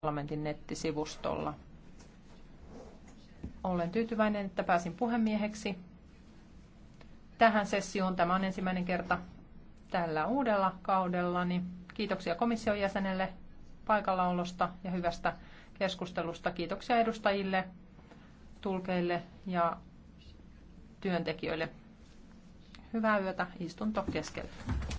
parlamentin nettisivustolla. Olen tyytyväinen, että pääsin puhemieheksi tähän sessioon. Tämä on ensimmäinen kerta tällä uudella kaudellani. Niin kiitoksia komission jäsenelle paikallaolosta ja hyvästä keskustelusta. Kiitoksia edustajille, tulkeille ja työntekijöille. Hyvää yötä. Istunto keskeytyy.